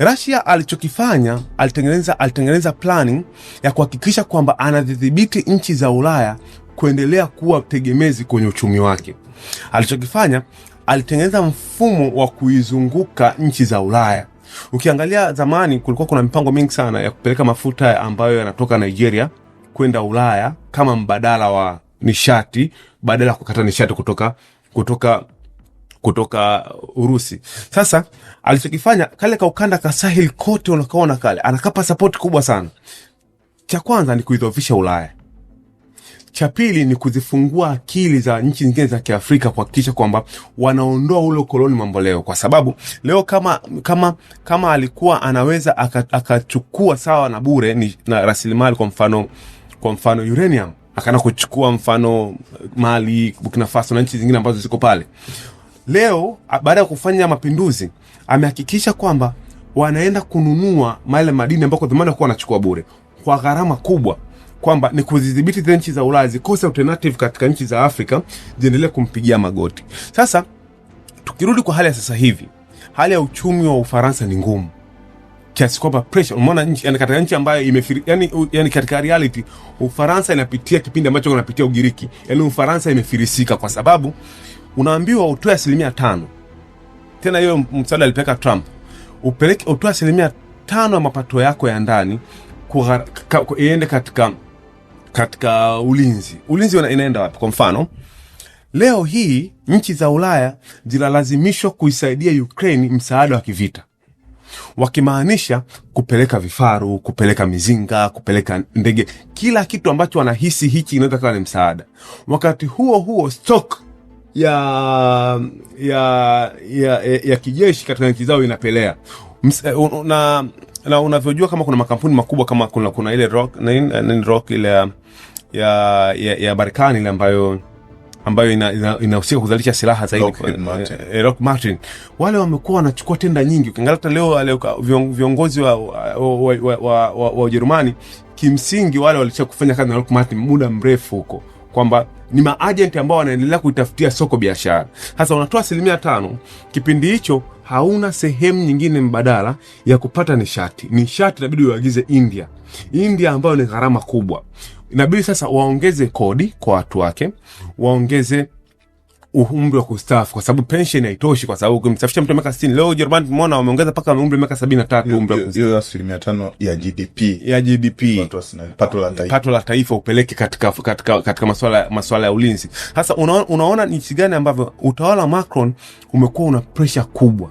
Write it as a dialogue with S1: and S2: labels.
S1: Russia alichokifanya alitengeneza, alitengeneza plani ya kuhakikisha kwamba anadhibiti nchi za Ulaya kuendelea kuwa tegemezi kwenye uchumi wake. Alichokifanya, alitengeneza mfumo wa kuizunguka nchi za Ulaya. Ukiangalia zamani, kulikuwa kuna mipango mingi sana ya kupeleka mafuta ambayo yanatoka Nigeria kwenda Ulaya kama mbadala wa nishati, badala ya kukata nishati kutoka kutoka kutoka Urusi. Sasa alichokifanya kale ka ukanda ka Sahel kote unakaona kale, anakapa sapoti kubwa sana. Cha kwanza ni kuidhofisha Ulaya, cha pili ni kuzifungua akili za nchi nyingine za Kiafrika kuhakikisha kwamba wanaondoa ule ukoloni mambo leo, kwa sababu leo kama kama kama alikuwa anaweza akachukua aka sawa na bure ni na rasilimali, kwa mfano kwa mfano uranium, akaenda kuchukua mfano Mali, Burkina Faso na nchi zingine ambazo ziko pale Leo baada ya kufanya mapinduzi amehakikisha kwamba wanaenda kununua male madini ambako zamani kuwa wanachukua bure kwa gharama kubwa, kwamba ni kuzidhibiti zile nchi za Ulaya zikose alternative katika nchi za Afrika ziendelee kumpigia magoti. Sasa tukirudi kwa hali ya sasa hivi, hali ya uchumi wa Ufaransa ni ngumu kiasi kwamba pressure, umeona nchi yani, katika nchi ambayo imefiri yani, yani katika reality Ufaransa inapitia kipindi ambacho unapitia Ugiriki, yani Ufaransa imefirisika kwa sababu unaambiwa utoe asilimia tano. Tena hiyo msaada alipeleka Trump, upeleke utoe asilimia tano ya mapato yako ya ndani iende katika katika ulinzi. Ulinzi inaenda wapi? Kwa mfano leo hii nchi za Ulaya zinalazimishwa kuisaidia Ukraini msaada wa kivita, wakimaanisha kupeleka vifaru, kupeleka mizinga, kupeleka ndege, kila kitu ambacho wanahisi hichi inaweza kawa ni msaada. Wakati huo huo stock ya ya ya, ya, kijeshi katika nchi zao inapelea eh, na na unavyojua kama kuna makampuni makubwa kama kuna, kuna ile rock, nini, rock ile ya ya, ya Marekani ile ambayo ambayo inahusika ina, ina kuzalisha silaha zaidi
S2: eh, Martin.
S1: Eh, Martin wale wamekuwa wanachukua tenda nyingi. Ukiangalia hata leo, viongozi wa Ujerumani wa, wa, wa, wa, wa kimsingi wale walisha kufanya kazi na Lockheed Martin muda mrefu huko kwamba ni maajenti ambao wanaendelea kuitafutia soko biashara. Sasa unatoa asilimia tano, kipindi hicho hauna sehemu nyingine mbadala ya kupata nishati. Nishati inabidi uagize India, India ambayo ni gharama kubwa. Inabidi sasa waongeze kodi kwa watu wake, waongeze umri wa kustafu kwa sababu pensheni haitoshi, kwa sababu ukimsafisha mtu miaka sitini. Leo Ujerumani tumeona wameongeza mpaka umri wa miaka sabini na tatu, umri
S2: asilimia tano ya GDP
S1: ya GDP, pato la taifa, pato la taifa upeleke katika, katika, katika maswala, ya ulinzi. Sasa unaona, unaona ni nchi gani ambavyo utawala wa Macron umekuwa una presha kubwa